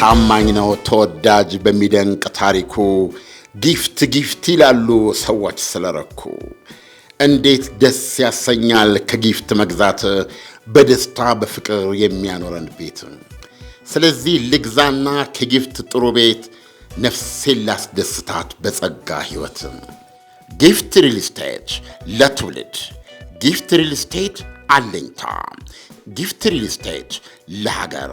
ታማኝ ነው ተወዳጅ በሚደንቅ ታሪኩ ጊፍት ጊፍት ይላሉ ሰዎች ስለረኩ። እንዴት ደስ ያሰኛል ከጊፍት መግዛት በደስታ በፍቅር የሚያኖረን ቤት። ስለዚህ ልግዛና ከጊፍት ጥሩ ቤት ነፍሴን ላስደስታት በጸጋ ሕይወት። ጊፍት ሪል ለትውልድ ጊፍት ሪልስቴት አለኝታ ጊፍት ሪልስቴት ለሀገር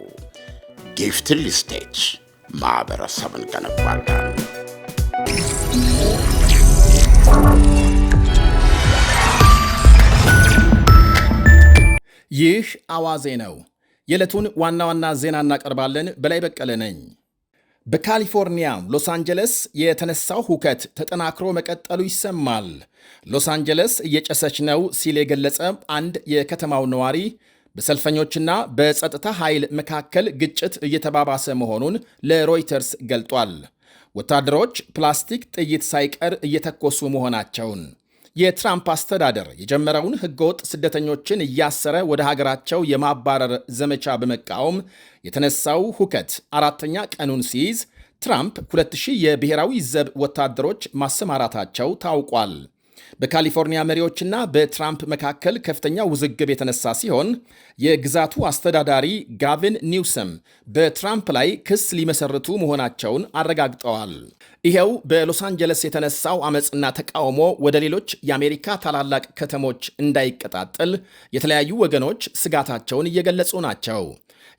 ጊፍትል ስቴት ማህበረሰብን ገነባለን። ይህ አዋዜ ነው። የዕለቱን ዋና ዋና ዜና እናቀርባለን። በላይ በቀለ ነኝ። በካሊፎርኒያ ሎስ አንጀለስ የተነሳው ሁከት ተጠናክሮ መቀጠሉ ይሰማል። ሎስ አንጀለስ እየጨሰች ነው ሲል የገለጸ አንድ የከተማው ነዋሪ በሰልፈኞችና በጸጥታ ኃይል መካከል ግጭት እየተባባሰ መሆኑን ለሮይተርስ ገልጧል። ወታደሮች ፕላስቲክ ጥይት ሳይቀር እየተኮሱ መሆናቸውን የትራምፕ አስተዳደር የጀመረውን ሕገወጥ ስደተኞችን እያሰረ ወደ ሀገራቸው የማባረር ዘመቻ በመቃወም የተነሳው ሁከት አራተኛ ቀኑን ሲይዝ ትራምፕ 2000 የብሔራዊ ዘብ ወታደሮች ማሰማራታቸው ታውቋል። በካሊፎርኒያ መሪዎችና በትራምፕ መካከል ከፍተኛ ውዝግብ የተነሳ ሲሆን የግዛቱ አስተዳዳሪ ጋቪን ኒውሰም በትራምፕ ላይ ክስ ሊመሰርቱ መሆናቸውን አረጋግጠዋል። ይኸው በሎስ አንጀለስ የተነሳው አመፅና ተቃውሞ ወደ ሌሎች የአሜሪካ ታላላቅ ከተሞች እንዳይቀጣጠል የተለያዩ ወገኖች ስጋታቸውን እየገለጹ ናቸው።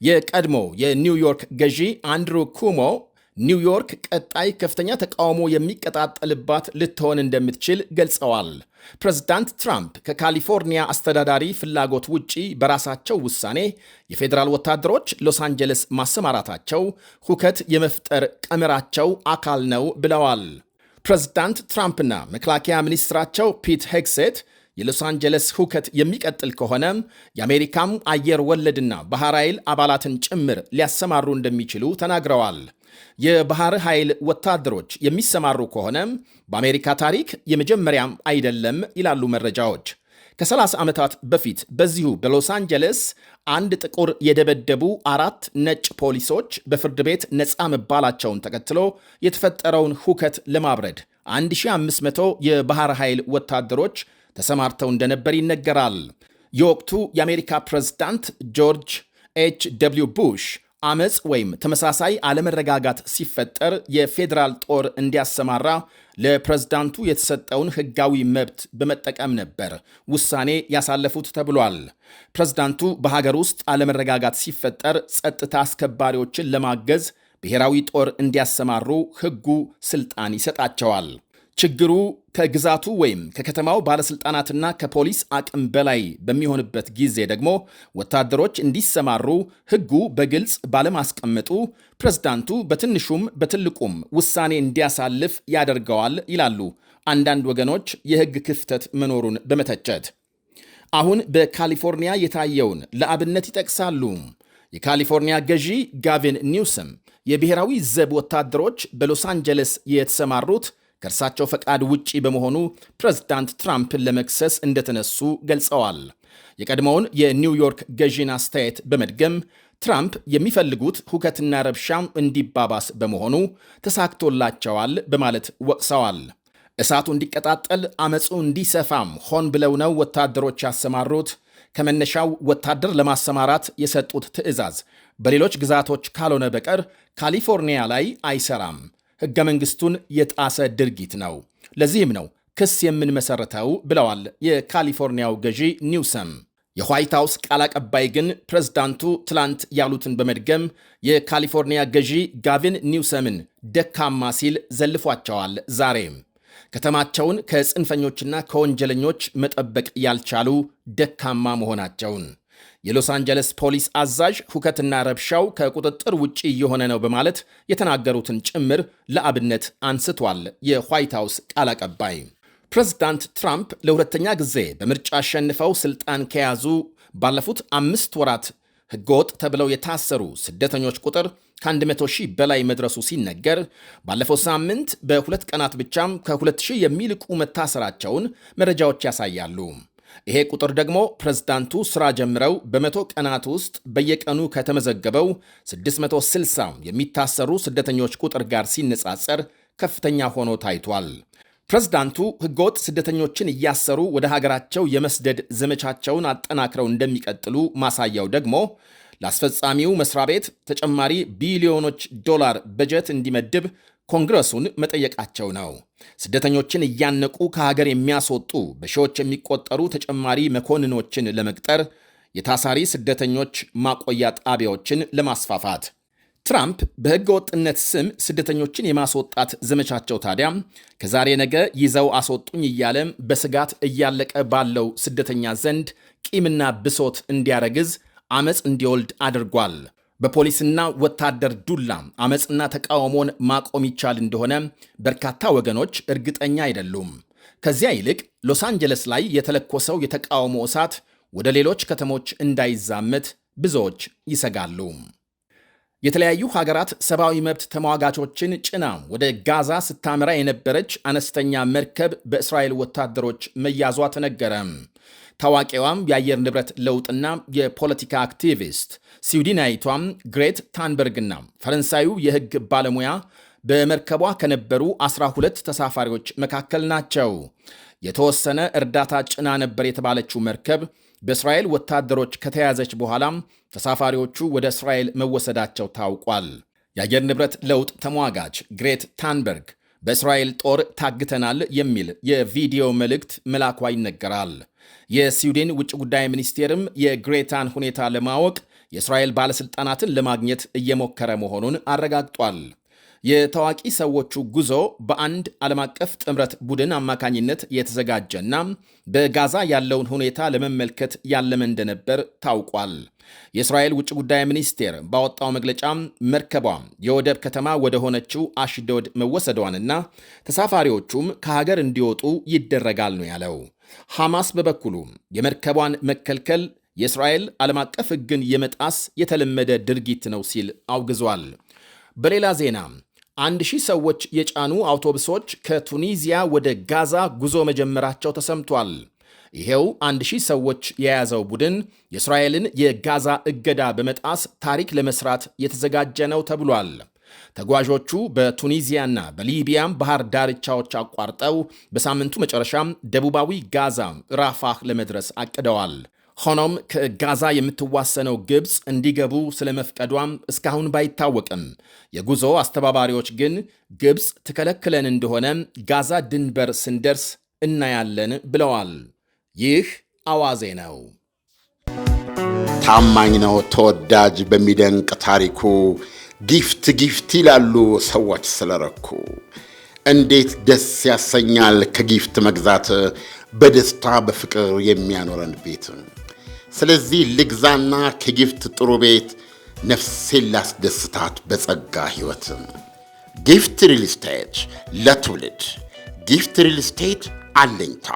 የቀድሞ የኒውዮርክ ገዢ አንድሩ ኩሞ ኒውዮርክ ቀጣይ ከፍተኛ ተቃውሞ የሚቀጣጠልባት ልትሆን እንደምትችል ገልጸዋል። ፕሬዚዳንት ትራምፕ ከካሊፎርኒያ አስተዳዳሪ ፍላጎት ውጪ በራሳቸው ውሳኔ የፌዴራል ወታደሮች ሎስ አንጀለስ ማሰማራታቸው ሁከት የመፍጠር ቀመራቸው አካል ነው ብለዋል። ፕሬዝዳንት ትራምፕና መከላከያ ሚኒስትራቸው ፒት ሄግሴት የሎስ አንጀለስ ሁከት የሚቀጥል ከሆነ የአሜሪካም አየር ወለድና ባህር ኃይል አባላትን ጭምር ሊያሰማሩ እንደሚችሉ ተናግረዋል። የባህር ኃይል ወታደሮች የሚሰማሩ ከሆነ በአሜሪካ ታሪክ የመጀመሪያም አይደለም ይላሉ መረጃዎች። ከ30 ዓመታት በፊት በዚሁ በሎስ አንጀለስ አንድ ጥቁር የደበደቡ አራት ነጭ ፖሊሶች በፍርድ ቤት ነፃ መባላቸውን ተከትሎ የተፈጠረውን ሁከት ለማብረድ 1500 የባህር ኃይል ወታደሮች ተሰማርተው እንደነበር ይነገራል። የወቅቱ የአሜሪካ ፕሬዝዳንት ጆርጅ ኤች ደብሊው ቡሽ አመፅ ወይም ተመሳሳይ አለመረጋጋት ሲፈጠር የፌዴራል ጦር እንዲያሰማራ ለፕሬዝዳንቱ የተሰጠውን ሕጋዊ መብት በመጠቀም ነበር ውሳኔ ያሳለፉት ተብሏል። ፕሬዝዳንቱ በሀገር ውስጥ አለመረጋጋት ሲፈጠር ጸጥታ አስከባሪዎችን ለማገዝ ብሔራዊ ጦር እንዲያሰማሩ ሕጉ ስልጣን ይሰጣቸዋል። ችግሩ ከግዛቱ ወይም ከከተማው ባለስልጣናትና ከፖሊስ አቅም በላይ በሚሆንበት ጊዜ ደግሞ ወታደሮች እንዲሰማሩ ሕጉ በግልጽ ባለማስቀመጡ ፕሬዝዳንቱ በትንሹም በትልቁም ውሳኔ እንዲያሳልፍ ያደርገዋል ይላሉ አንዳንድ ወገኖች የሕግ ክፍተት መኖሩን በመተቸት። አሁን በካሊፎርኒያ የታየውን ለአብነት ይጠቅሳሉ። የካሊፎርኒያ ገዢ ጋቪን ኒውሰም የብሔራዊ ዘብ ወታደሮች በሎስ አንጀለስ የተሰማሩት ከእርሳቸው ፈቃድ ውጪ በመሆኑ ፕሬዝዳንት ትራምፕን ለመክሰስ እንደተነሱ ገልጸዋል። የቀድሞውን የኒውዮርክ ገዢን አስተያየት በመድገም ትራምፕ የሚፈልጉት ሁከትና ረብሻም እንዲባባስ በመሆኑ ተሳክቶላቸዋል በማለት ወቅሰዋል። እሳቱ እንዲቀጣጠል አመፁ እንዲሰፋም ሆን ብለው ነው ወታደሮች ያሰማሩት። ከመነሻው ወታደር ለማሰማራት የሰጡት ትዕዛዝ በሌሎች ግዛቶች ካልሆነ በቀር ካሊፎርኒያ ላይ አይሰራም። ህገ መንግስቱን የጣሰ ድርጊት ነው። ለዚህም ነው ክስ የምንመሰረተው ብለዋል የካሊፎርኒያው ገዢ ኒውሰም። የዋይት ሀውስ ቃል አቀባይ ግን ፕሬዝዳንቱ ትላንት ያሉትን በመድገም የካሊፎርኒያ ገዢ ጋቪን ኒውሰምን ደካማ ሲል ዘልፏቸዋል። ዛሬም ከተማቸውን ከጽንፈኞችና ከወንጀለኞች መጠበቅ ያልቻሉ ደካማ መሆናቸውን የሎስ አንጀለስ ፖሊስ አዛዥ ሁከትና ረብሻው ከቁጥጥር ውጪ እየሆነ ነው በማለት የተናገሩትን ጭምር ለአብነት አንስቷል። የዋይት ሀውስ ቃል አቀባይ ፕሬዝዳንት ትራምፕ ለሁለተኛ ጊዜ በምርጫ አሸንፈው ስልጣን ከያዙ ባለፉት አምስት ወራት ህገወጥ ተብለው የታሰሩ ስደተኞች ቁጥር ከ100 ሺህ በላይ መድረሱ ሲነገር ባለፈው ሳምንት በሁለት ቀናት ብቻም ከ2 የሚልቁ መታሰራቸውን መረጃዎች ያሳያሉ። ይሄ ቁጥር ደግሞ ፕሬዝዳንቱ ስራ ጀምረው በመቶ ቀናት ውስጥ በየቀኑ ከተመዘገበው 660 የሚታሰሩ ስደተኞች ቁጥር ጋር ሲነጻጸር ከፍተኛ ሆኖ ታይቷል። ፕሬዝዳንቱ ህገወጥ ስደተኞችን እያሰሩ ወደ ሀገራቸው የመስደድ ዘመቻቸውን አጠናክረው እንደሚቀጥሉ ማሳያው ደግሞ ለአስፈጻሚው መስሪያ ቤት ተጨማሪ ቢሊዮኖች ዶላር በጀት እንዲመድብ ኮንግረሱን መጠየቃቸው ነው። ስደተኞችን እያነቁ ከሀገር የሚያስወጡ በሺዎች የሚቆጠሩ ተጨማሪ መኮንኖችን ለመቅጠር፣ የታሳሪ ስደተኞች ማቆያ ጣቢያዎችን ለማስፋፋት ትራምፕ በሕገ ወጥነት ስም ስደተኞችን የማስወጣት ዘመቻቸው ታዲያ ከዛሬ ነገ ይዘው አስወጡኝ እያለም በስጋት እያለቀ ባለው ስደተኛ ዘንድ ቂምና ብሶት እንዲያረግዝ አመፅ እንዲወልድ አድርጓል። በፖሊስና ወታደር ዱላ አመፅና ተቃውሞን ማቆም ይቻል እንደሆነ በርካታ ወገኖች እርግጠኛ አይደሉም። ከዚያ ይልቅ ሎስ አንጀለስ ላይ የተለኮሰው የተቃውሞ እሳት ወደ ሌሎች ከተሞች እንዳይዛመት ብዙዎች ይሰጋሉ። የተለያዩ ሀገራት ሰብአዊ መብት ተሟጋቾችን ጭና ወደ ጋዛ ስታመራ የነበረች አነስተኛ መርከብ በእስራኤል ወታደሮች መያዟ ተነገረም። ታዋቂዋም የአየር ንብረት ለውጥና የፖለቲካ አክቲቪስት ስዊድናዊቷም ግሬት ታንበርግና ፈረንሳዩ የሕግ ባለሙያ በመርከቧ ከነበሩ 12 ተሳፋሪዎች መካከል ናቸው። የተወሰነ እርዳታ ጭና ነበር የተባለችው መርከብ በእስራኤል ወታደሮች ከተያዘች በኋላም ተሳፋሪዎቹ ወደ እስራኤል መወሰዳቸው ታውቋል። የአየር ንብረት ለውጥ ተሟጋች ግሬት ታንበርግ በእስራኤል ጦር ታግተናል የሚል የቪዲዮ መልእክት መላኳ ይነገራል። የስዊድን ውጭ ጉዳይ ሚኒስቴርም የግሬታን ሁኔታ ለማወቅ የእስራኤል ባለሥልጣናትን ለማግኘት እየሞከረ መሆኑን አረጋግጧል። የታዋቂ ሰዎቹ ጉዞ በአንድ ዓለም አቀፍ ጥምረት ቡድን አማካኝነት የተዘጋጀና በጋዛ ያለውን ሁኔታ ለመመልከት ያለመ እንደነበር ታውቋል። የእስራኤል ውጭ ጉዳይ ሚኒስቴር ባወጣው መግለጫ መርከቧ የወደብ ከተማ ወደ ሆነችው አሽዶድ መወሰዷንና ተሳፋሪዎቹም ከሀገር እንዲወጡ ይደረጋል ነው ያለው። ሐማስ በበኩሉ የመርከቧን መከልከል የእስራኤል ዓለም አቀፍ ሕግን የመጣስ የተለመደ ድርጊት ነው ሲል አውግዟል። በሌላ ዜና አንድ ሺህ ሰዎች የጫኑ አውቶቡሶች ከቱኒዚያ ወደ ጋዛ ጉዞ መጀመራቸው ተሰምቷል። ይሄው አንድ ሺህ ሰዎች የያዘው ቡድን የእስራኤልን የጋዛ እገዳ በመጣስ ታሪክ ለመስራት የተዘጋጀ ነው ተብሏል። ተጓዦቹ በቱኒዚያና በሊቢያም ባህር ዳርቻዎች አቋርጠው በሳምንቱ መጨረሻም ደቡባዊ ጋዛ ራፋህ ለመድረስ አቅደዋል። ሆኖም ከጋዛ የምትዋሰነው ግብፅ እንዲገቡ ስለመፍቀዷም እስካሁን ባይታወቅም የጉዞ አስተባባሪዎች ግን ግብፅ ትከለክለን እንደሆነ ጋዛ ድንበር ስንደርስ እናያለን ብለዋል። ይህ አዋዜ ነው። ታማኝ ነው። ተወዳጅ በሚደንቅ ታሪኩ ጊፍት ጊፍት ይላሉ ሰዎች ስለረኩ። እንዴት ደስ ያሰኛል ከጊፍት መግዛት በደስታ በፍቅር የሚያኖረን ቤት ስለዚህ ልግዛና ከጊፍት ጥሩ ቤት ነፍሴን ላስደስታት በጸጋ ሕይወትም። ጊፍት ሪል ስቴት ለትውልድ ጊፍት ሪል ስቴት አለኝታ፣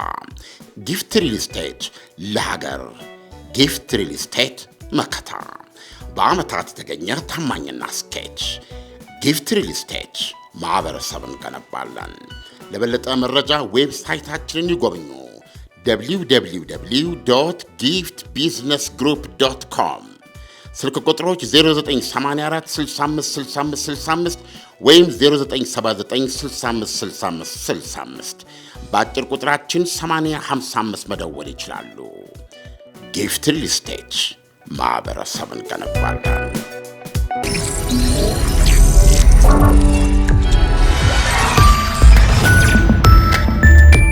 ጊፍት ሪል ስቴት ለሀገር፣ ጊፍት ሪል ስቴት መከታ፣ በዓመታት የተገኘ ታማኝና ስኬች። ጊፍት ሪል ስቴት ማኅበረሰብን እንገነባለን። ለበለጠ መረጃ ዌብሳይታችንን ይጎብኙ። www ጊፍት ቢዝነስ ግሩፕ ዶት ኮም ስልክ ቁጥሮች 0984656565 ወይም 0979656565 በአጭር ቁጥራችን 855 መደወል ይችላሉ። ጊፍትን ሊስቴች ማኅበረሰብን ገነባለን።